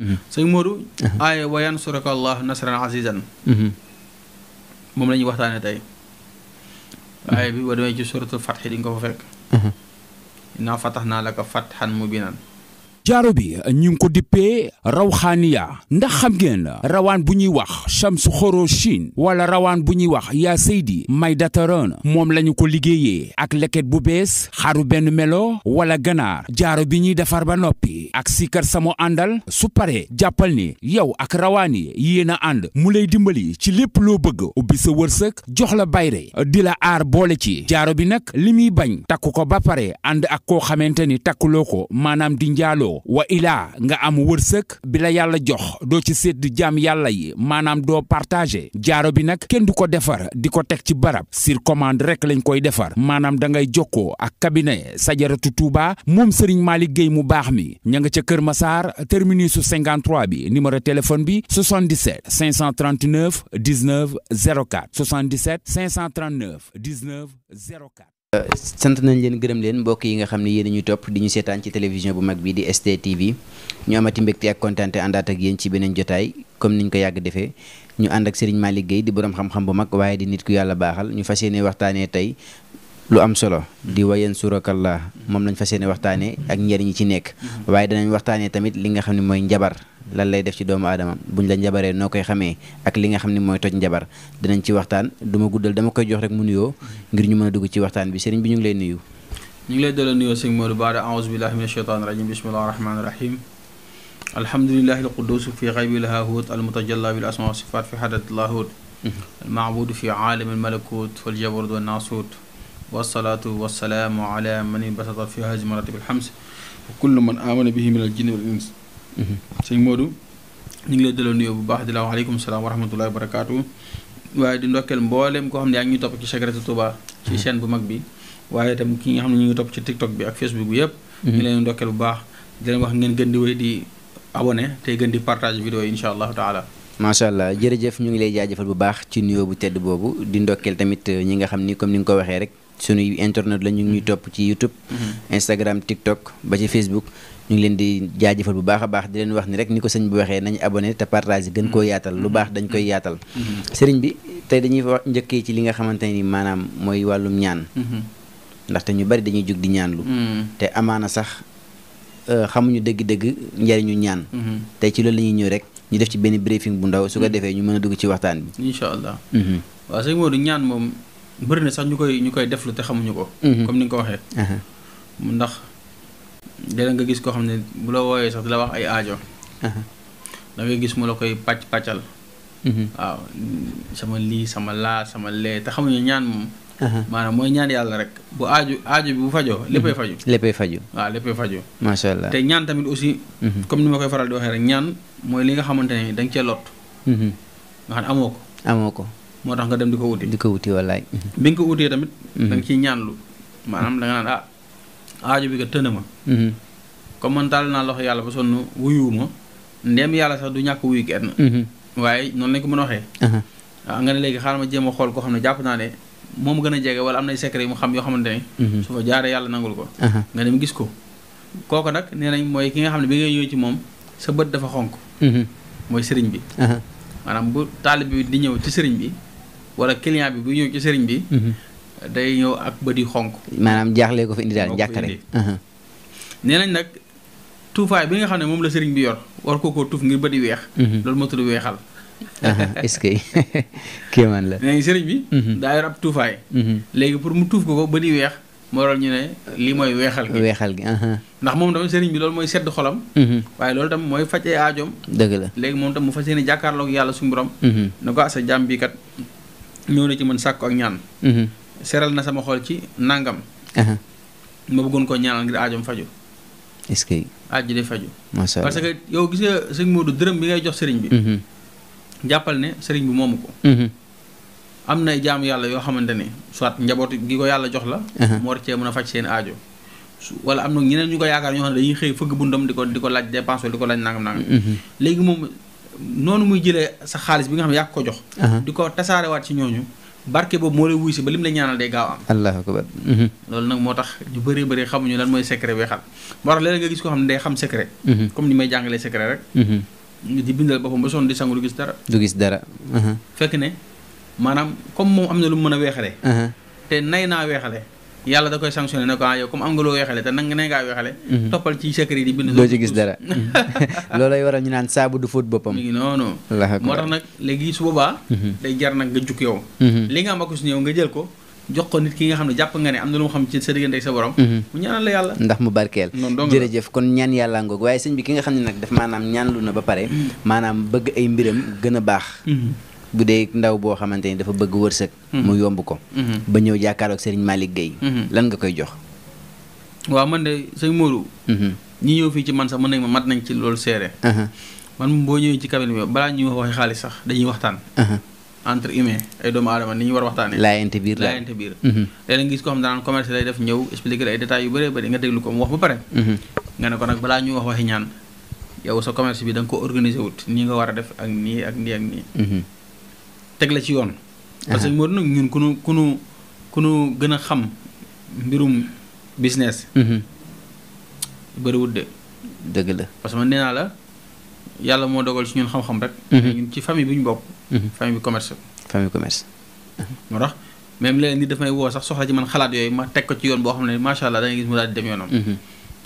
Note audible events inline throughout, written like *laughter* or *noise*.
Mm-hmm. sëñ Modou. Uh-huh. aaye wa yansuraka allahu nasran mm-hmm. moom lañuy ñuy waxtaane tey mm-hmm. aaye bi boo demee ci suratul fatxi di nga ko fa fekk. innaa fatax laka fatxan mubinan jaaro bi ñu ngi ko dippee ya ndax xam ngeen rawaan bu ñuy wax Shamsu Xoroshin wala rawaan bu ñuy wax yaa Seydi may dataron moom lañu ko liggéeyee ak leket bu bees xaru benn melo wala ganaar jaaro bi ñuy defar ba noppi ak sikar samo àndal su pare jàppal ni yow ak rawaan yi yéen a ànd mu lay dimbali ci lépp loo bëgg ubbi sa wërsëg jox la bayre dila aar boole ci jaaro bi nag li muy bañ takku ko ba pare ànd ak koo xamante ni takkuloo ko maanaam di njaaloo ko wa ilaa nga am wërsëg bi la yàlla jox doo ci sédd jam yàlla yi maanaam doo partagé jaaro bi nag kenn du ko defar di ko teg ci barab sur commande rek lañ koy defar maanaam da ngay jokkoo ak cabinet Sajaratu Touba moom Serigne maa liggéey mu baax mi ña nga ca Kër Massar terminus 53 bi numéro téléphone bi 77 539 19 04 77 539 19 04 sant nañ leen gërëm leen mbokk yi nga xam ne yéen a ñuy topp di ñu seetaan ci télévision bu mag bi di STTV ñu amati mbégte ak kontaan te àndaat ak yéen ci beneen jotaay comme niñ ko yàgg defee ñu ànd ak Serigne maa Gueye di borom xam-xam bu mag waaye di nit ku yàlla baaxal ñu fa yéene waxtaanee tey lu am solo di wayen la moom lañ fas yéene waxtaanee ak njëriñ yi ci nekk mm-hmm. waaye danañ waxtaanee tamit li nga xam ne mooy njabar lan lay def ci doomu aadama buñ la njabaree noo koy xamee ak li nga xam ne mooy toj njabar dinañ ci waxtaan duma guddal dama koy jox rek mu nuyoo ngir ñu mën a dugg ci waxtaan bi sëriñ bi ñu ngi lay nuyu ñu ngi lay delloo nuyoo sëñ Modou Bara aouzu billahi min asheytan rajim bismillahi rahmani rahim alhamdulilahi alqudusu fi xaybi lahahut almutajalla bil asma wa sifat fi xadat lahut almaabudu fi aalami almalakut waljabarut wannaasut wasalaatu wasalaamu ala man basata fi hazi maratib alxams wa kullu man amana bihi min aljinni suñ Modou ñu ngi lay delloo nuyoo bu baax di la wax aleykum salaam wa rahmatullahi wa waaye di ndokkeel mbooleem koo xam ne yaa ngi ñu topp ci Secret Touba ci seen mm-hmm. bu mag bi waaye tam ki nga xam ne ñu ngi topp ci TikTok bi ak Facebook bi yëpp mm-hmm. ñu leen ndokkeel bu baax di leen wax ngeen gën di wéy di abonné tey gën di partage vidéo yi incha allahu taala macha allah jërëjëf ñu ngi lay jaajëfal bu baax ci nuyoo bu tedd boobu di ndokkeel tamit ñi nga xam ni comme ni nga ko waxee rek sunuy internet la ñu ngi ñuy mm-hmm. topp ci YouTube. Mm-hmm. Instagram TikTok ba ci Facebook. ñu ngi leen di jaajëfal bu baax a baax di leen wax ni rek ni ko sëñ bi waxee nañu abonné te partage gën koo mm-hmm. yaatal lu baax dañ koy yaatal. sëriñ bi tey dañuy wax njëkkee ci li nga xamante ni maanaam mooy wàllum ñaan. ndaxte ñu bari dañuy jug di ñaan lu te amaana sax euh, xamuñu dëgg-dëgg njariñu ñaan. tey ci loolu la ñuy ñëw rek ñu def ci benn briefing bu ndaw su ko defee ñu mën a dugg ci waxtaan bi. incha bëri na sax ñu koy ñu koy deflu te xamuñu ko. Mhm. comme ni nga ko waxee. ndax léeg nga gis koo xam ne bu la wooyee sax la wax ay aajo. da gis mu la koy pàcc pàccal. Mhm. waaw sama lii sama laa sama lee te ñaan maanaam mooy ñaan yàlla rek bu aaju aaju bi bu fajoo mhm. léppay faju léppay faju waaw léppay faju macha allah te ñaan aussi comme ni ma koy faral di waxee rek ñaan mooy li nga xamante ne da cee lot nga xam ne amoo ko amoo ko moo tax nga dem di ko wuti. di ko wuti wallaay. bi nga ko wutee tamit. Mhm. da nga ciy ñaanlu maanaam da nga naan ah aajo bi nga tëne ma. Mhm. comme man taal naa loxo yàlla ba sonn wuyuwuma ndem yàlla sax du ñàkk wuyu kenn. Mhm. waaye noonu lañ ko mën a waxee. waaw ah, nga ma jéem a xool koo xam ne jàpp naa ne moom gën a jege wala am nay xam ne. su fa jaaree yàlla ko. nga dem gis ko kooku nag nee nañ mooy ki nga xam ne bi ngay ñëw ci moom sa bët dafa xonk. mooy sëriñ bi. maanaam bu taalib bi di ñëw ci sëriñ bi. wala client bi bu ñëw ci sëriñ bi. Mhm. day ñëw ak bët yu xonk. maanaam jaaxle ko fi indi daal njàkkare. Mhm. nee nañ nag tuufaay bi nga xam ne moom la sëriñ bi yor war ko koo tuuf ngir bët yu weex. Mhm. loolu moo weexal. *laughs* est-ce que *laughs* la. nee bi. daa yor ab tuufaay. mu tuuf ko ko bët yu weex. moo waral ñu ne lii mooy weexal gi weexal gi. ndax moom tamit sëriñ bi loolu mooy sedd xolam. waaye loolu tam mooy faj ay aajoom. dëgg la léegi moom tam mu fas yéene jàkkaarloog yàlla suñu borom. ko asa jàmm bi ñëw na ci man sàkku ak ñaan mhm. seral na sama xool ci nàngam ma bëggoon ko ñaanal ngir aajom faju est-ce de faju ma Allah parce que yow gis nga sëñ Modou dërëm bi ngay jox sëriñ bi mhm. jàppal ne sëriñ bi moomu ko mhm. am na jaamu yàlla yoo xamante ne soit njaboot gi ko yàlla jox la moo war cee mën a faj seen aajo wala am na ñeneen ñu ko yaakaar ñoo xam ne dañuy xëy fëgg bundam di ko di ko laaj dépense di ko laaj nangam nangam léegi moom noonu muy jëlee sa xaalis bi nga xam ne yaa ko jox. di ko waat ci ñooñu. barke boobu moo lay wuy si ba lim la ñaanal day gaaw am. allahu akbar. Mhm. Mhm. loolu nag moo tax ñu bëree bëri xamuñu lan mooy secret bi xam moo tax léeg nga gis ko xam ne day xam secret. Mhm. comme ni may jàngalee secret rek. di bindal boppam ba sonn di sangu du gis dara. du gis dara. fekk ne maanaam comme moom am na lu mu mën a weexalee. te nay naa weexalee. yàlla da koy sanctionné ne ko ah yow comme am nga loo weexale te nang ne ngaa weexale mhm. toppal ci secret yi bind doo ci gis dara *laughs* mhm. *laughs* loolay waral ñu naan saabu du fóot boppam moo tax nag léegi su boobaa mhm. day nga li nga am ak suñu yow nga jël ko jox ko nit ki nga xam ne jàpp nga ne am na lu mu xam ci sa diggante ak sa borom mu ñaanal la yàlla ndax mu barkeel jërëjëf kon ñaan yàlla ngoog waaye sëñ bi ki nga xam ne nag daf maanaam ñaanlu na ba pare maanaam bëgg ay mbiram gën a baax bu dee ndaw boo xamante ni dafa bëgg wërsëg. Mhm. mu yomb ko. Mhm. ba ñëw jàkkaarloog Serigne Malick Guèye. Mhm. lan nga koy jox. waaw man de sëñ Modou. ñi ñëw fii ci man sax mën nañ ma mat nañ ci loolu seere. man boo ñëwee ci cabinet bi balaa ñuy wax xaalis sax dañuy waxtaan. entre humains ay doomu aadama ni ñu war a waxtaanee. laayante biir laayante biir. léeg-léeg nga gis ko xam daan commerce lay def ñëw expliquer ay détails yu bëree ba pare. nga ne ko nag balaa ñuy wax waxi ñaan yow sa commerce bi da nga ko organiser wut a teg la ci yoon. parce que moo nag ñun ku nu ku nu ku nu gën a xam mbirum business. Mhm. bëriwul de. dëgg la parce que man nee naa la yàlla moo dogal ci ñun xam-xam rek. Mhm. ñun ci famille bi ñu bokk. Mhm. famille bi commerce. famille commerce. moo tax même léeg-léeg nit daf may woo sax soxla ci man xalaat yooyu ma teg ko ci yoon boo xam ne macha allah da gis mu daal di dem yoonam.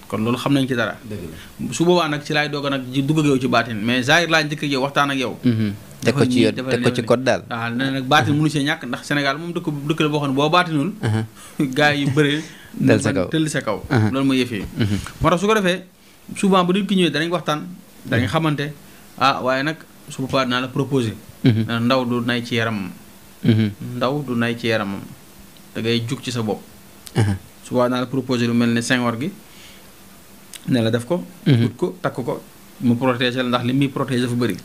kon loolu xam nañ ci dara. su boobaa nag ci laay doog a nag ji dugg ak yow ci baatin mais Zahir laa njëkk ak yow waxtaan ak yow. Mhm. teg ko ci yoon teg ko ci code daal. waaw ah, nee nag baatin mënu see ñàkk ndax Sénégal moom dëkk dëkk la boo xam ne boo baatinul. Mhm. *laughs* gars yi bëre. *laughs* dal sa kaw tëll sa kaw. Mhm. loolu mooy yëf yi. moo tax su ko defee souvent bu nit ki ñëwee danañ waxtaan danañ xamante ah waaye nag su boobaa dinaa la proposé. ndaw du nay ci yaramam. ndaw du nay ci yaramam da ngay jug ci sa bopp. su boobaa dinaa la proposé lu mel ne Senghor gi ne la def ko. Mhm. ut ko takk ko mu protéger la ndax li muy protéger dafa bëri.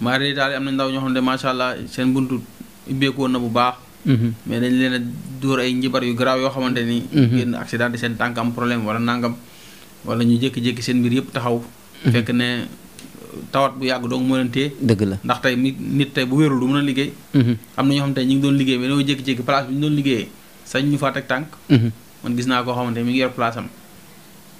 maari daal am na ndaw ñoo xam ne macha allah seen buntu ubbeeku woon na bu baax. Mhm. mais na leen a ay njibar yu garaaw yoo xamante ni. Mhm. génn accident di seen tànk am problème wala nangam wala ñu jëkki jékki seen mbir yëpp taxaw. fekk ne euh, tawat bu yàgg doo moo leen téye. dëgg la ndax tey nit tey bu wérul du mën a liggéey. am na ñoo xam tey ñu ngi doon liggéey mais dañoo jékki-jékki place bi ñu doon liggéeyee sañ ñu faa tànk. man gis naa koo xamante mi ngi yor place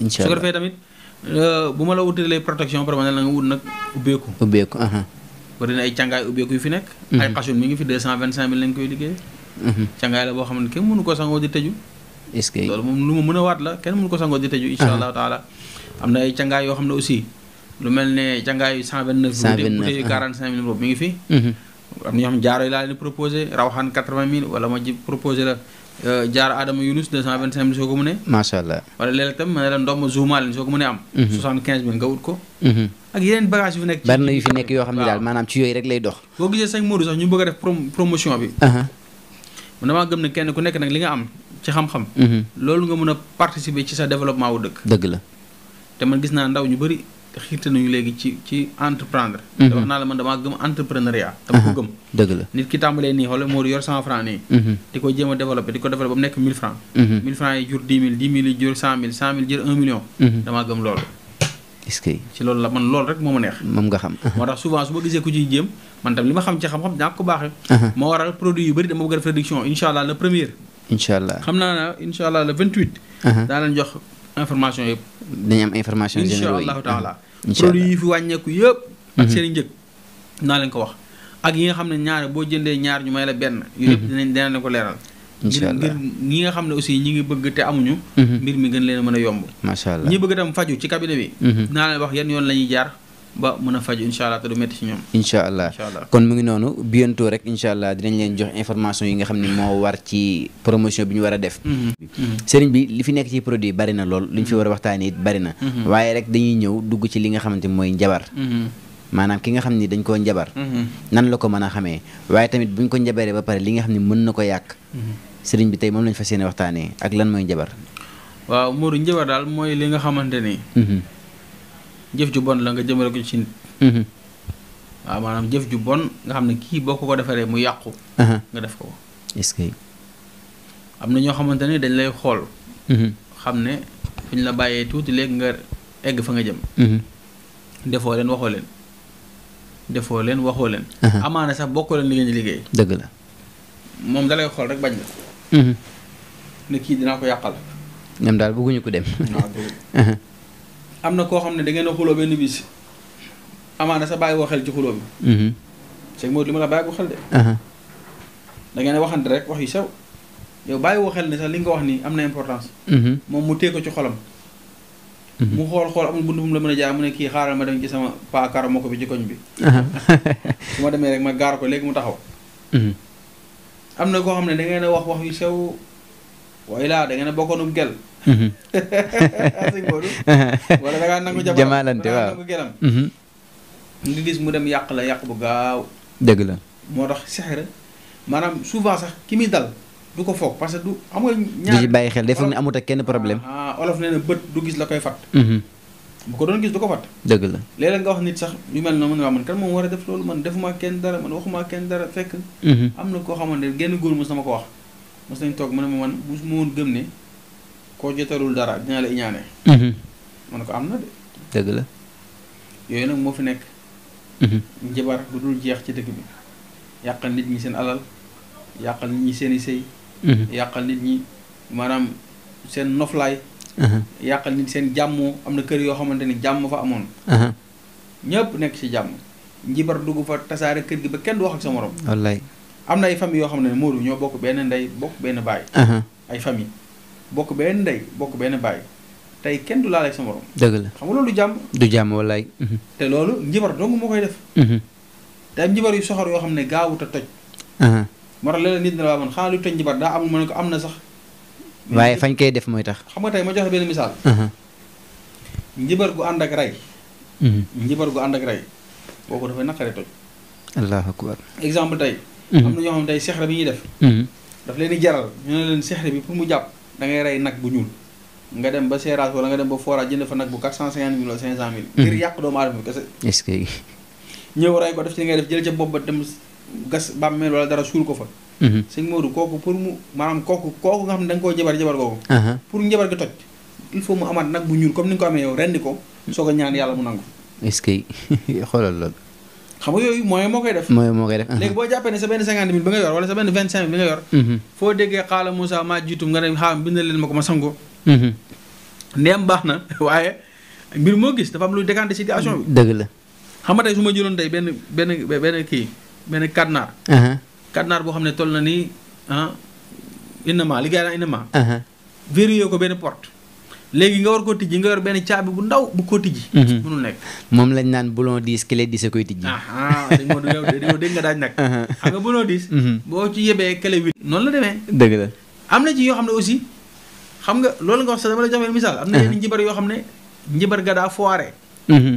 incha allah su ko defee tamit euh, bu ma la wutalee protection permanente la nga wut nag ubbeeku. ubbeeku. bëri na ay càngaay ubbeeku yu fi nekk. Mhm. ay xasun mi ngi fi deux cent vingt cinq mille lañ koy liggéey. Mhm. càngaay la boo xam ne kenn mënu ko sangoo di tëju. est a waat allahu taala am na ay càngaay yoo xam ne aussi lu mel ne càngaay cent vingt neuf. cent vingt neuf quarante cinq mille boobu ngi fi. Mhm. am na ñoo xam jaaro yi laa leen di proposé rawaxaan quatre vingt mille wala ma Euh, jaar Adama Yunus deux cent vingt cinq mille soo ko mënee. macha allah wala léeg-léeg tam ma ne la ndomb Zouma soo ko mënee am. Mhm. soixante quinze mille nga wut ko. Mhm. ak yeneen bagage yu fi nekk. bari yu fi nekk yoo xam ne daal maanaam ci yooyu rek lay dox. boo gisee sëñ Modou sax ñu bëgg a def promotion bi. man damaa gëm ne kenn ku nekk nag li nga am ci xam-xam. Mhm. loolu nga mën a participer ci sa développement wu dëkk. dëgg la te man gis naa ndaw ñu bëri. xiirte nañu léegi ci ci entreprendre mhm. naa la man damaa gëm entrepreneuriat dama ko mhm. gëm dëgg la nit ki tàmbalee nii xoolal moo yor cent franc nii mhm. di ko jéem a di ko développé ba mu nekk mille franc mille franc yi jur dix mille dix mille yi jur cent mille cent mille jër un million damaa gëm loolu ci loolu la man loolu rek moo ma neex moom nga xam moo tax souvent su ma gisee ku ciy jéem man tam li ma xam ci xam-xam dinaa ko baaxee moo waral a def information yëpp. dañu am information généraux yi incha allahu ah, taala produit yi fi wàññeeku yëpp. ak mhm. seen i njëg naa leen ko wax. ak yi nga xam ne ñaar boo jëndee ñaar ñu may la benn. Mhm. yu yëpp dinañ dinañ ko leeral. ñi nga xam ne aussi ñi ngi bëgg te amuñu. Mhm. mbir mi gën leen a mën a yomb. macha allah ñi bëgg itam faju ci cabinet bi. naa leen wax yan yoon la jaar. ba mën a faju incha allah te du métti ci ñoom. incha allah kon mu ngi noonu bientôt rek incha allah dinañ leen jox information yi nga xam ne moo war ci promotion bi ñu war a def. Mm-hmm. Mm-hmm. sëriñ bi li fi nekk ci produit bari na lool li ñu fi war a mm-hmm. waxtaanee it bari na. waaye rek dañuy ñëw dugg ci li nga xamante mooy njabar. maanaam ki nga xam ni dañ koo njabar. nan la ko mën a xamee waaye tamit buñ ko njabaree ba pare li nga xam ni mën na ko yàq. sëriñ bi tey moom lañ fas yéene waxtaanee ak lan mooy njabar. waaw Mourou njabar daal li nga xamante ni. jëf ju bon la nga jëmale ko ci mhm. waaw maanaam jëf ju bon nga xam ne kii boo ko ko defaree mu yàqu. nga def ko ko. est am na ñoo xamante ne dañ lay xool. Mhm. xam ne fi ñu la bàyyee tuuti léegi nga egg fa nga jëm. Mhm. defoo leen waxoo leen. defoo leen waxoo leen. amaana sax bokkoo leen li ngeen liggéey. dëgg la moom da lay xool rek bañ la. ne kii dinaa ko yàqal. ñoom daal bëgguñu ko dem. am na koo xam ne da ngeen a xuloo benn bis amaana sa bàyyi woo xel ci xuloo bi mhm. sëñ Modou li ma la bàyyi ko xel de da waxante rek wax yu sew yow bàyyi woo xel ne sax li nga wax nii am na importance mhm. moom mu teg ko ci xolam mhm. mu xool xool am buntu bu la mën a jaar mu ne kii xaaral ma dem ci sama paa karamo ko bi ci koñ bi *laughs* su ma demee rek ma gaar ko léegi mu taxaw am na koo xam ne da ngeen a wax wax yu sew waaye laa da ngeen gel Mm-hmm. *laughs* sëñ Modou *laughs* wala da ngaa nangu jamaalante waaw nangu gelam mm-hmm. ngi gis mu dem yàq la yàq bu gaaw dëgg la moo tax sexera maanaam souvent sax ki muy dal du ko foog parce que du xam nga ñaar di bàyyi xel dafa ne amut ak kenn problème ah, ah olof nee na bët du gis la koy fat mm-hmm. bu ko doon gis du ko fat dëgg la léeg-léeg nga wax nit sax yu mel na mën waa man kan moom war a def loolu man defuma kenn dara man waxuma kenn dara fekk am na koo xamante ne genn góor mos na ma ko wax mos nañ toog mu ne ma man mos ma woon gëm ne ko jotalul dara dina la iñaane mhm. man ko am na de dëgg la yooyu nag moo fi nekk mhm. njabar bu dul jeex ci dëkk bi yàqal nit ñi seen alal yàqal nit ñi seeni i mhm. yàqal nit ñi maanaam seen noflaay yàqal nit seen jàmmoo am na kër yoo xamante ni jàmm fa amoon ñëpp nekk ci jàmm njibar dugg fa tasaare kër gi ba kenn du wax ak sa morom wallaay am na ay famille yoo xam ne Modou ñoo bokk benn ndey bokk benn baay ay famille bokk benn ndey bokk benn baay tey kenn du laaleeg sa morom. dëgg la xam nga loolu du jàmm. du jàmm wallaay. Mhm. te loolu njibar dong moo koy def. Mhm. te am njibar yu soxor yoo xam ne gaawut a toj. moo nit na la waa man xanaa daa amul ma ne ko am na sax. waaye fañ koy def mooy tax. xam nga tey ma joxe benn misaal. njibar gu ànd ak rey. Mhm. njibar gu ànd ak rey boo ko dafay naqaree toj. allahu akbar exemple tey. am na ñoo xam tey sexre bi ñuy def. daf leen di jaral ñu ne leen sexre bi pour mu jàpp. dangay ngay rey nag bu ñuul nga dem ba seeraas wala nga dem ba forage jënd fa nag bu quatre cent cinquante mille wala cinq cent mille. Hmm. ngir yàq doomu aadama bi ko def ci li def jël ca bopp ba dem gas bàmmeel wala dara suul ko fa. Hmm. sëñ Modou kooku pour mu maanaam kooku kooku nga xam ne da koo jabar jabar kooku. Uh-huh. pour njabar gi toj. il faut mu amaat nag bu ñuul comme ni nga ko amee yow rendi ko. Hmm. soo ko ñaan yàlla mu nangu. est-ce que xoolal loolu. xam nga yooyu moyen moo koy def. moyen moo koy def. léegi uh-huh. boo jàppee ne sa benn cinquante mille bi nga yor wala sa benn vingt cinq mille bi nga yor. Uh-huh. ma ko ma sango uh-huh. ndeem baax na *laughs* waaye mbir moo gis dafa am lu décanté situation bi. dëgg la xam nga tey su ma jëloon tey benn benn benn kii benn cadenas. cadenas boo xam ne toll na ni ah innamaa li gars yi naan innamaa. verrouillé ko benn porte. léegi nga war koo tijji nga yor benn caabi bu ndaw bu ko tijji. mënul mhm. nekk moom lañ naan boulon diis clé diis a koy tijji. ah ah dañoo dañoo nga daaj nag. Uh-huh. xam nga boulon diis. Mhm. boo ci yebee clé huit. noonu la demee. dëgg la am na ci yoo xam ne aussi xam nga loolu nga wax sax dama la jox misaal. am na uh-huh. yenn njibar yoo xam ne njibar ga daa foire Mhm.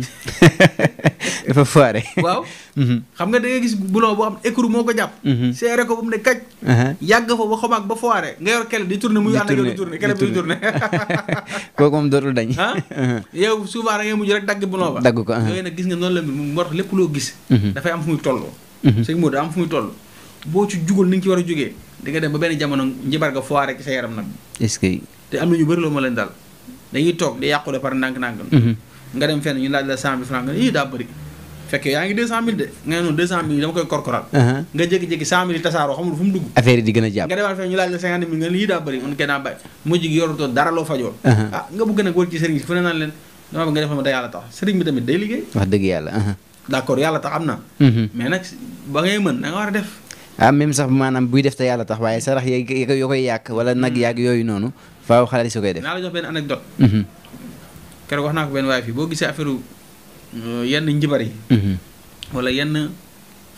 *laughs* dafa foire. waaw. Mhm. xam nga da gis boulon boo xam écrou moo jàpp. Mhm. seere ko ba mu ne kaj. yàgg fa ba xamaak ba nga yor kele di tourné muy ànd ak yow di tourné kele *laughs* bi ah? *laughs* yow souvent da ngay mujj rek dagg boulon ba. dagg ko ah yooyu gis nga noonu la mu war lépp loo gis. dafay am fu muy toll. sëñ Modou am fu muy toll boo ci jugul ni nga ci war a jugee di nga dem ba benn jamono njibar nga foire ci sa yaram nag. est te am na ñu bari loo ma leen dal dañuy toog di yàqule par ndànk-ndànk. nga dem fenn ñu laaj la cent mille franc nga ne ii daa cent mille de dama koy korkoral uh-huh. nga jékki-jékki cent mille tasaaroo xamul fu mu dugg affaire di gën a jàpp nga demaat fenn la cinquante mille uh-huh. ah, tamit day liggéey wax dëgg yàlla uh-huh. d' yàlla tax a def ah, waaye sarax ya koy yàq wala nag mm-hmm. yàgg yooyu noonu faaw xalaat si koy def naa la jox benn anecdote keroog wax naa ko benn waaye fii boo gisee affaire euh, yenn njibar yi. Mhm. wala yenn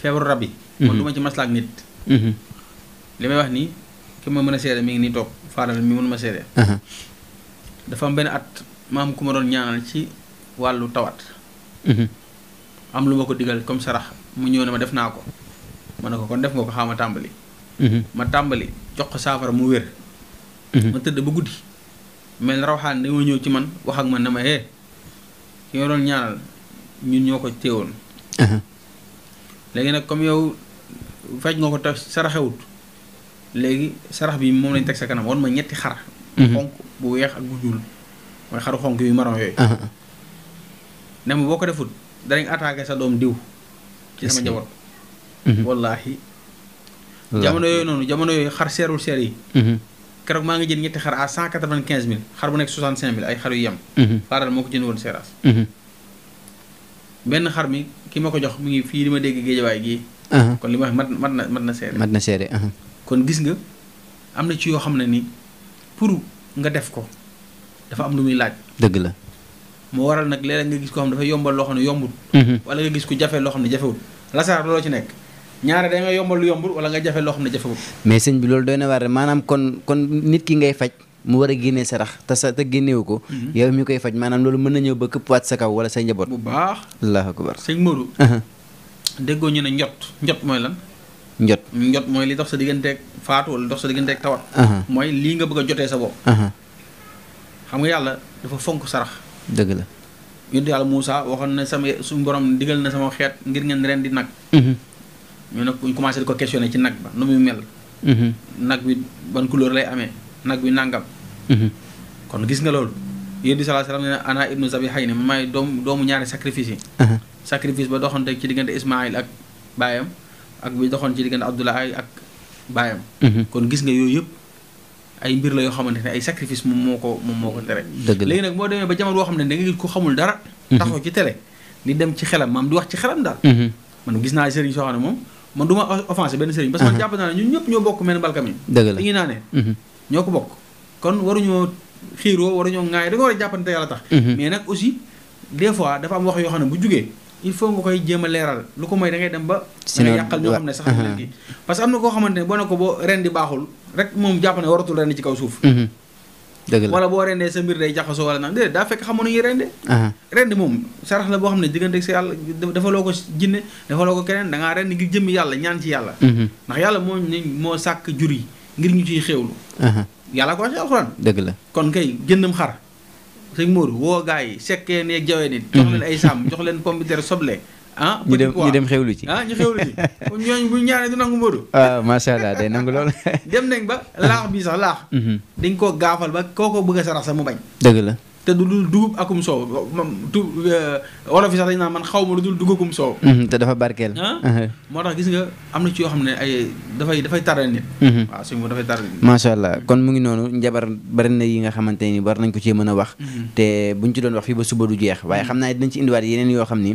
feebaru rab yi. man mhm. du ci maslaak nit. Mhm. li may wax nii ki ma mën a seede mi ngi nii toog faadal mi mënuma seede. dafa am benn at maam ku ma doon ñaanal ci wàllu tawat. am lu ma ko digal comme sarax mu ñëw ne ma def naa ko ma ne ko kon def nga ko xaw ma tàmbali. ma tàmbali jox ko saafara mu wér. ma tëdd ba guddi. mel rawaxaan dañoo ñëw ci man wax ak man dama eh ki nga doon ñaanal ñun ñoo ko téewoon uh-huh. léegi nag comme yow faj nga ko te saraxewut léegi sarax bi moom lañ teg sa kanam wan ma ñetti xar bu uh-huh. bu weex ak bu ñuul mooy xaru xonq yu maron yooyu uh-huh. ne boo ko defut danañ attaqué sa doom diw ci sama njaboot wallaahi jamono yooyu noonu jamono yooyu xar seerul seer yi keroog maa ngi jënd ñetti xar à cent quatre vingt quinze mille xar bu nekk soixante cinq mille ay xar yu yem. Mhm. Fadal moo ko jënd woon Seras. Mhm. benn xar mi ki ma ko jox mi ngi fii li ma dégg géejawaay gii. Uh-huh. kon li ma wax mat mat na mat na seere. mat na seere. Uh-huh. kon gis nga am na ci yoo xam ne ni pour nga def ko dafa am lu muy laaj. dëgg la. moo waral nag léeg-léeg nga gis ko xam ne dafa yombal loo ne yombut. Mhm. wala nga gis ku jafe loo xam ne jafewut lasaar looloo ci nekk. ñaare da yombal lu yombul wala nga jafe loo xam ne jafewul mais sëñ bi loolu doy na waar maanaam kon kon nit ki ngay faj mu war a génnee sarax te sa te génnewu ko mhm. yow mi koy faj maanaam loolu mën na ñëw ba këpp waat sa kaw wala sa njaboot bu baax allahu akbar sëñ Modou déggoo ñu ne njot njot mooy lan njot njot mooy li dox sa digganteeg faatu wala dox sa digganteeg tawat mooy lii nga bëgg a jotee sa bopp xam nga yàlla dafa fonk sarax dëgg la yonent yàlla Moussa waxoon na sama su borom digal na sama xeet ngir ngeen ren di nag mhm. ñu nag ñu commencé ko questionné ci nag ba nu muy mel. Mhm. nag bi ban couleur lay amee nag bi nangam. Mhm. kon gis nga loolu yéen di sallallahu alayhi wa sallam ne ana ibnu Zabihayn may doom doomu ñaari sacrifice yi. sacrifice ba doxante ci diggante Ismaayil ak baayam ak bi doxoon ci diggante Abdoulaye ak baayam. Mhm. kon gis nga yooyu yëpp. ay mbir la yoo xamante ne ay sacrifice moom moo ko moom moo ko tere léegi nag boo demee ba jamono boo xam ne da nga gis ko xamul dara taxaw ci télé li dem ci xelam maam di wax ci xelam daal man gis naa sëriñ soo xam man du ma offensé benn sëriñ parce que man jàpp naa ne ñun ñëpp ñoo bokk mel balkam yi dëgg la ñu naa ne ñoo ko bokk kon waruñoo xiiroo waruñoo ŋaay da war a jàppante yàlla tax mais nag aussi des fois dafa am wax yoo xam ne bu jugee il faut nga koy jéem a leeral lu ko mooy da dem ba da nga yàqal ñoo xam ne sax leen kii parce que am na koo xamante ne boo ne ko boo ren di baaxul rek moom jàpp ne waratul ren ci kaw suuf dëgg wala boo rendee sa mbir day jaxasoo wala nag déedéet daa fekk xamoon nañu rende rend moom sarax la boo xam ne diggante si yàlla dafa loo ko jinne dafa loo ko keneen da ngaa rend ngir jëmmi yàlla ñaan ci yàlla mhm. ndax yàlla moo moo sàkk jur yi ngir ñu ciy xéewlu yàlla ko wax ci dëgg la kon kay jëndam xar sëñ Mourou woo gars yi sekkee ne jawee nit jox leen ay sàmm jox leen pomme de terre soble ah ñu dem ñu dem xewlu ci. ah ñu xewlu ci *laughs* ñooñu bu ñu ñaanee du nangu mbëru. waaw ah, macha allah day nangu lool. dem nañ ba laax bii sax laax. *laughs* Mhm. dañ koo gaafal ba koo ko bëgg a sarax sax mu bañ. dëgg la. te du dul dugub akum soow moom tu eh, wolof yi sax dañu naa man xaw ma lu dul dugukum soow. Mhm, te dafa barkeel. Ah? Mhm. moo tax gis nga am na ci yoo xam ne ay dafay dafay taral nit. Mhm. waaw suñu moom macha allah kon mu ngi noonu njabar bari na yi nga xamante ni war nañ ko cee mën a wax. te bu ñu ci doon wax fii ba suba du jeex waaye xam naa dinañ ci indiwaat yeneen yoo xam ni.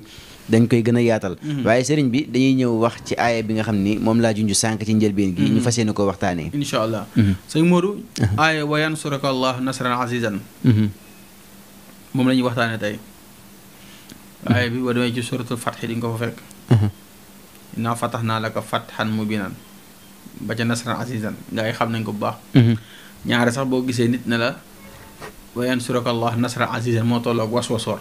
dañ koy gën a yaatal waaye sëriñ bi dañuy ñëw wax ci aaya bi nga xam ni moom laa junj sànq ci njëlbeen gi ñu fas yéene ko waxtaanee incha allah sëñ Modou aaya wa yansuraka allah nasran azizan moom la ñuy waxtaane tey waaye bi boo demee ci suratul fatxi di nga ko fekk mhm. naa fatax naa la ko fatxan mubinan ba ca nasran azizan nga xam nañ ko bu baax mhm. ñaare sax boo gisee nit ne la wa yansuraka allah nasran azizan moo tolloog waswasoor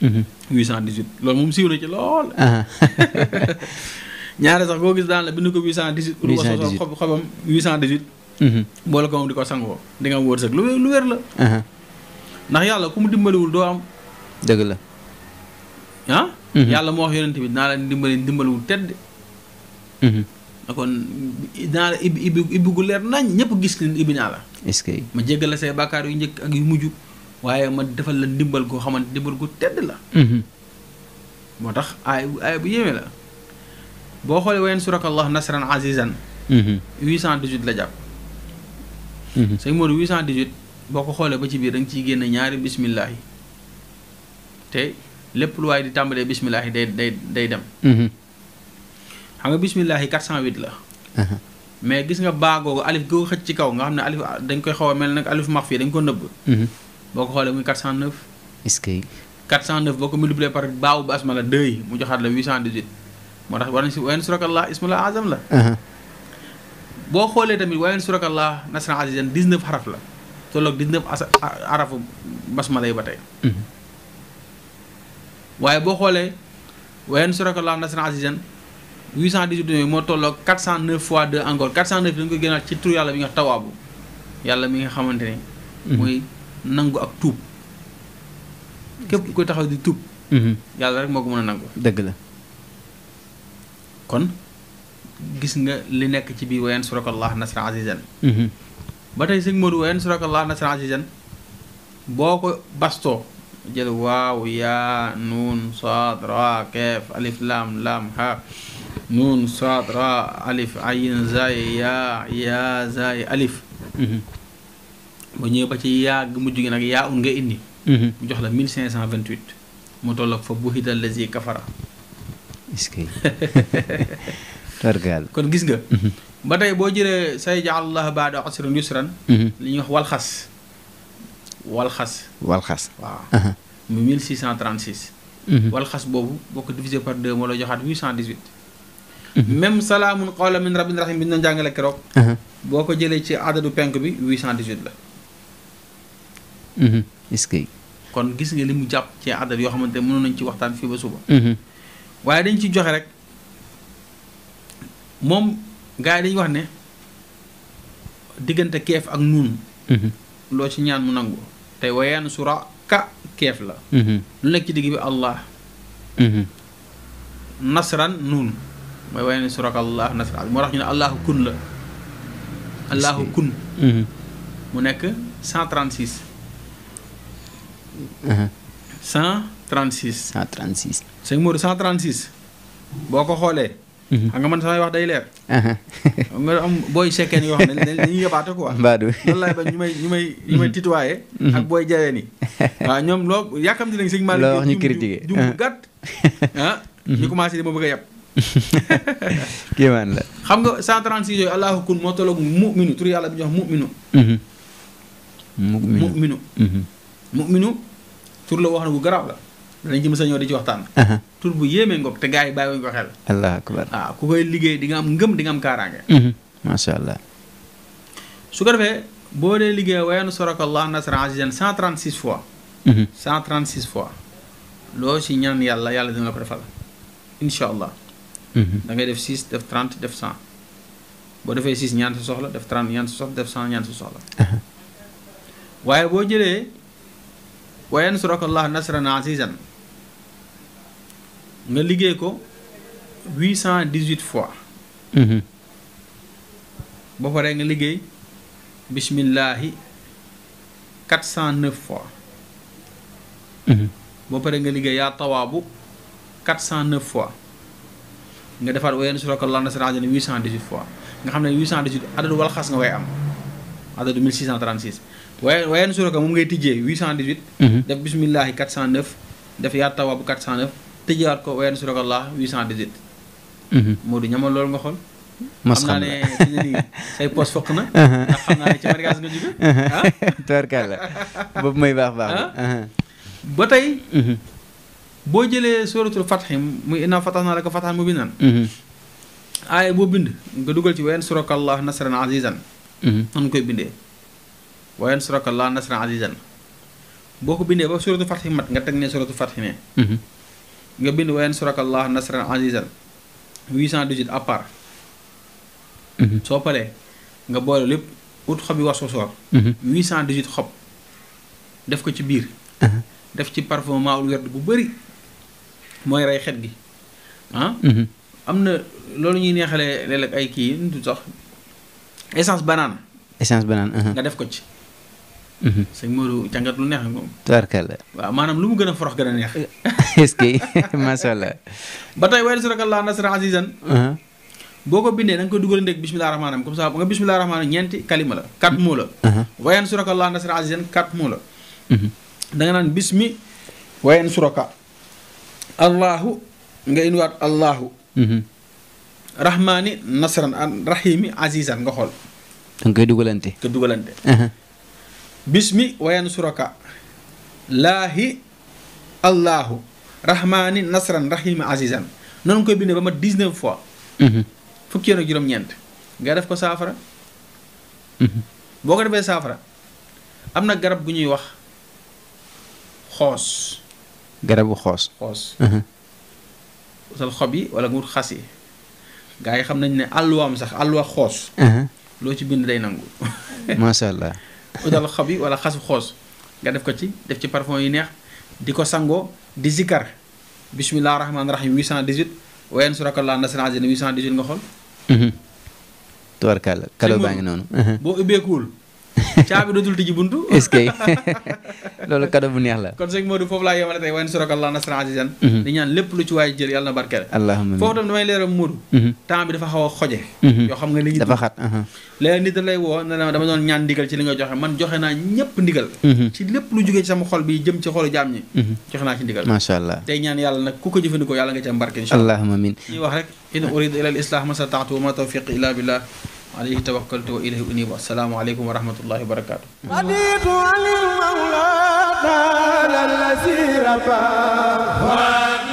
818 mhm. loolu moom siiw na ci lool *laughs* *laughs* ñaare sax boo gis daan la bind ko 818 pour waswasoor xob xobam 818 boole ko moom di ko sangoo di nga am wërsëg lu lu wér la ndax yàlla ku mu dimbaliwul doo am. dëgg la. ah. Mhm. yàlla moo wax yonent bi naa leen dimbali dimbaliwul tedd. Mhm. kon naa la ibbi ibbi gu leer nañ ñëpp gis leen ibbi naa la. est-ce ma jéggal la say bàkkaar yu njëkk ak yu mujj waaye ma defal la ndimbal goo xamante ndimbal gu tedd la. Mhm. moo tax aay aay bu yéeme la boo xoolee wayen suraka allah nasran azizan. 818 la jàpp. sëñ Modou 818. boo ko xoolee ba ci biir dañ nga ciy génne ñaari bismillah yi te lépp lu waaye di tàmbalee bismillah yi day day day dem. Mm-hmm. xam nga bismillah yi 408 la. Uh-huh. mais gis nga baa googu alif goo xëcc ci kaw nga xam ne alif dañ koy xaw a mel nag alif max fii dañ ko nëbb. Mm-hmm. boo ko xoolee muy 409. est-ce que. 409 boo ko multiplié par baawu bi asma la 2 yi mu joxaat la 818 moo tax war nañ si wayen surakallah ismul azam la. Uh-huh. boo xoolee tamit wayen surakallah nasran azizan 19 xaraf la. tolloog 19 asa arafu basmala yi ba tey mhm. waaye boo xoolee wayen surakallah nasran azizan 818 moo tolloog 409 fois 2 encore 409 dañu ko génnaat ci tur yàlla bi nga wax tawaabu yàlla mi nga xamante ne mhm. mooy nangu ak tuub képp koy taxaw di tuub mhm. yàlla rek moo ko mën a nangu dëgg la kon gis nga li nekk ci biir wayen surakallah nasran azizan ba tey sëñ Modou wayen surakallah nasran azizan boo ko bastoo jël waaw yaa nuun saad ra keef alif laam laam ha nuun saad ra alif ayin zay yaa yaa zay alif mhm. ba ñëwee ba ci yaa gi mujj gi nag yaa un nga indi mhm. mu jox la 1528 mu toll ak fa buhita allazi kafara *laughs* kon gis nga. Mhm. ba tey boo jëlee say jaalallahu baada usrin yusran mhm. li ñuy wax walxas. walxas. walxas waaw. mu 1636. Mhm. walxas boobu boo ko divisé par deux moo la joxaat 818. même salaamun qawlan min rabbin rahim bi ñu doon jàngale keroog. boo ko jëlee ci adadu penk bi 818 la. est-ce que. kon gis nga li mu jàpp ci adad yoo xamante ne mënoon nañ ci waxtaan fii ba suba. waaye dañ ci joxe rek. moom gars yi dañuy wax ne diggante keef ak nuun mhm. loo ci ñaan mu nangu tey wayaan sura ka keef la mhm. lu nekk ci digg bi allah mhm. nasran nuun mooy wayaan suraka allah nasran moo tax ñu ne allahu kun la allahu kun mu nekk 136 136 136 sëñ Modou 136 boo ko xoolee Mhm. xam nga man samay wax day leer. nga am booy sekkeen yoo xam ne dañuy yóbbaate quoi. *laughs* mbaadu loolu laay ba ñu may ñu may ñu may mhm. tituwaayee. Mhm. ak booy jawee nii. *laughs* waaw ñoom loo yàkkam di nañ sëñ Malick. loo wax ñu critiqué jum jum gàtt. *laughs* ah bëgg a yab. kéemaan la. xam nga 136 yooyu allahu kun moo tolloog mu'minu tur yàlla bi ñuy wax mu'minu. mu'minu mu'minu. la wax na bu garaaw la. danañ ci mës a ñëw di ci waxtaan. tur bu yéemee ngoog te gars yi bàyyi wuñ xel. allah koy liggéey di nga am ngëm di nga am kaaraange. Mhm. allah. su ko defee boo dee liggéey wayan soraka allah nasran azizan 136 fois. 136 mhm. fois. loo si ñaan yàlla yàlla dina ko defal incha allah. Mhm. da ngay def 6 def 30 def 100. boo defee 6 ñaan sa soxla def 30 ñaan sa def 100 ñaan sa soxla. waaye boo jëlee wayan soraka allah nasran azizan nga liggéey ko huit cent dix huit fois. Mhm. ba pare nga liggéey bismillahi quatre cent neuf fois. Mhm. ba pare nga liggéey yaa tawaabu quatre cent neuf fois. nga defaat wayen suraka lan nasrani huit cent dix-huit fois nga xam ne huit cent dix-huit adadu wal xas nga koy am adadu mille six cent trente-six waaye wayen suraka moom ngay tijjee huit cent dix-huit mhm. def bismillahi quatre cent neuf def yaa tawaabu quatre cent neuf tëjewaat ko wayan surakallah 818. Modou ñamal loolu nga xool. mos xam naa ne *laughs* say poos fokk na. Mhm. ndax xam naa ne ci mariage nga jóge mhm. ah. *laughs* la boobu mooy baax baax. Ah. Mhm. ba tey. boo jëlee suratul fatxi muy inna fataxnaa laka fatxan mubiinan. boo bind nga dugal ci wayan surakallah nasran azizan. nan koy bindee. wayan surakallah nasran azizan. boo ko bindee ba suratul fatxi mat nga teg ne suratul fatxi ne. nga bind wayen surakallah nasran azizan 818 à part mhm. soo paree nga boole lépp ut xob yi war su soor 818 xob def ko ci biir uh-huh. def ci parfum maawul werd bu bëri mooy rey xet gi ah mhm. am na loolu ñuy neexalee léeg ay kii yi sax essence banaan essence banaan uh-huh. nga def ko ci Mhm. sëñ Modou jàngat lu neex moom. tubarkalla waaw maanaam lu mu gën a forox gën a neex. *laughs* est-ce que *laughs* macha allah. ba tey wayal surakallah nasra azizan. Uh-huh. boo ko bindee da nga koy dugal ndeg bisimilah rahmaani rahim comme ça nga bisimilah rahmaani la quatre mots la. Uh-huh. wayan surakallah nasra azizan quatre mots la. Mhm. da nga naan bismi wayan suraka. allahu nga indiwaat allahu. Mhm. rahmaani nasran rahimi azizan nga xool. da koy dugalante. nga dugalante. Uh-huh. bismi wayan suraka laahi allahu rahmaani nasran rahima azizan noonu koy bindee ba ma 19 fois mhm. fukki yoon ak juróom-ñeent nga def ko saafara mhm. boo ko defee saafara am na garab gu ñuy wax xoos garabu xoos xoos sal mhm. xob yi wala nguur xas yi gaa yi xam nañ ne àlluwaam sax àlluwa xoos loo ci bind day nangu *laughs* macha allah utal xob yi wala xasu xoos nga def ko ci def ci parfum yi neex di ko sangoo di zikkar bisimilah rahmaani rahim 818 wayen surakallah nasran azim 818 nga xool. Mhm. tubarkalla kalo baa ngi noonu. Mhm. boo ubbeekuwul. *laughs* caabi dootul tijji buntu. *laughs* est *laughs* loolu kado bu neex la. kon sëñ Modou foofu laa yemale tey wan surakallah nasran azizan mhm. di ñaan lépp lu ci waay jël yàlla na barkeel. Mhm. a xoje. Mhm. yoo xam nga léegi da lay woo ne dama doon ñaan ndigal ci li nga joxe man joxe naa ñëpp ndigal. ci lépp lu jugee ci sama xol bi jëm ci xolu jaam ñi. joxe naa ci ndigal. macha allah tey ñaan yàlla nag ku ko jëfandikoo yàlla nga ci am barke. incha allah allahumma amiin ñuy wax ma stata'tu wa ma tawfiqi alayhi tawakkaltu wa ilayhi unib assalaamu aleykum wa rahmatullahi wa barakaatu aditu anil mawla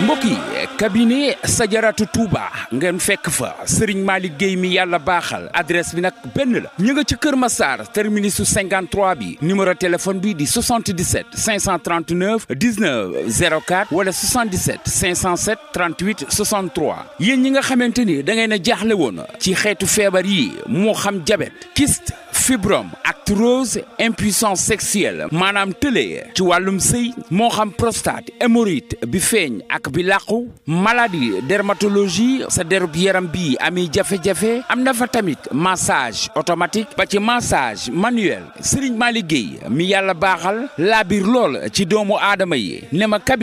mbokk yi cabinet Sajaratu Touba ngeen fekk fa Serigne Malick Guèye mi yàlla baaxal adresse bi nag benn la ñu nga ci Kër Massar terminus su 53 bi numéro téléphone bi di 77 539 19 04 wala 77 507 yéen ñi nga xamante ni da ngeen a jaaxle woon ci xeetu feebar yi moo xam diabète kyste fibrome arthrose impuissance sexuelle maanaam tëlee ci wàllum sëy moo xam prostate hémorroïde bi feeñ ak bi làqu maladie dermatologie sa der bi yaram bi amee jafe-jafe am na fa tamit massage automatique ba ci massage manuel Serigne maa liggéey mi yàlla baaxal laa biir lool ci doomu aadama yi ne ma sa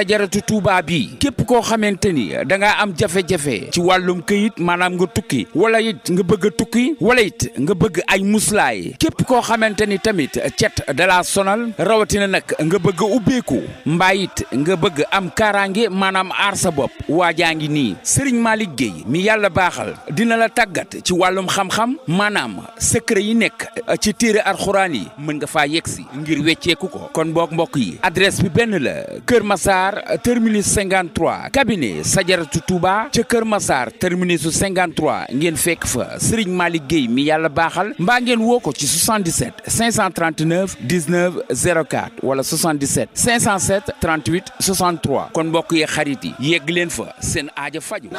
Sajaratu Touba bi képp koo xamante ni da am jafe-jafe ci wàllum këyit maanaam nga tukki wala it nga bëgg a tukki wala it nga bëgg ay ay muslaay képp koo xamante ni tamit cet dala sonal rawatina nag nga bëgg a ubbeeku mbaayit nga bëgg am kaaraange maanaam aar sa bopp waajaa ngi nii Serigne Malick Guèye mi yàlla baaxal dina la tàggat ci wàllum xam-xam maanaam secret yi nekk uh, ci téere alxuraan yi mën nga faa yegsi ngir wecceeku ko kon boog mbokk yi adresse bi benn la Kër Massar terminus 53 cabinet Sadiaratou Touba ca Kër Massar terminus 53 ngeen fekk fa Serigne Malick Guèye mi yàlla baaxal mbaa ngeen woo ko ci 77 539 19 04 wala 77 507 kon mbokk yi xarit yi yegg leen fa seen aaja faju